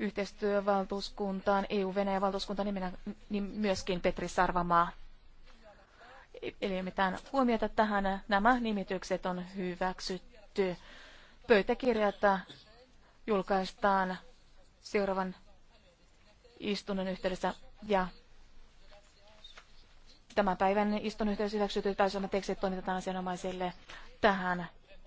yhteistyövaltuuskuntaan, EU-Venäjän valtuuskuntaan, niin, niin myöskin Petri Sarvamaa. Eli ei mitään huomiota tähän. Nämä nimitykset on hyväksytty. Pöytäkirjat julkaistaan seuraavan istunnon yhteydessä ja tämän päivän istunnon yhteydessä hyväksytty täysimmät tekstit toimitetaan asianomaisille tähän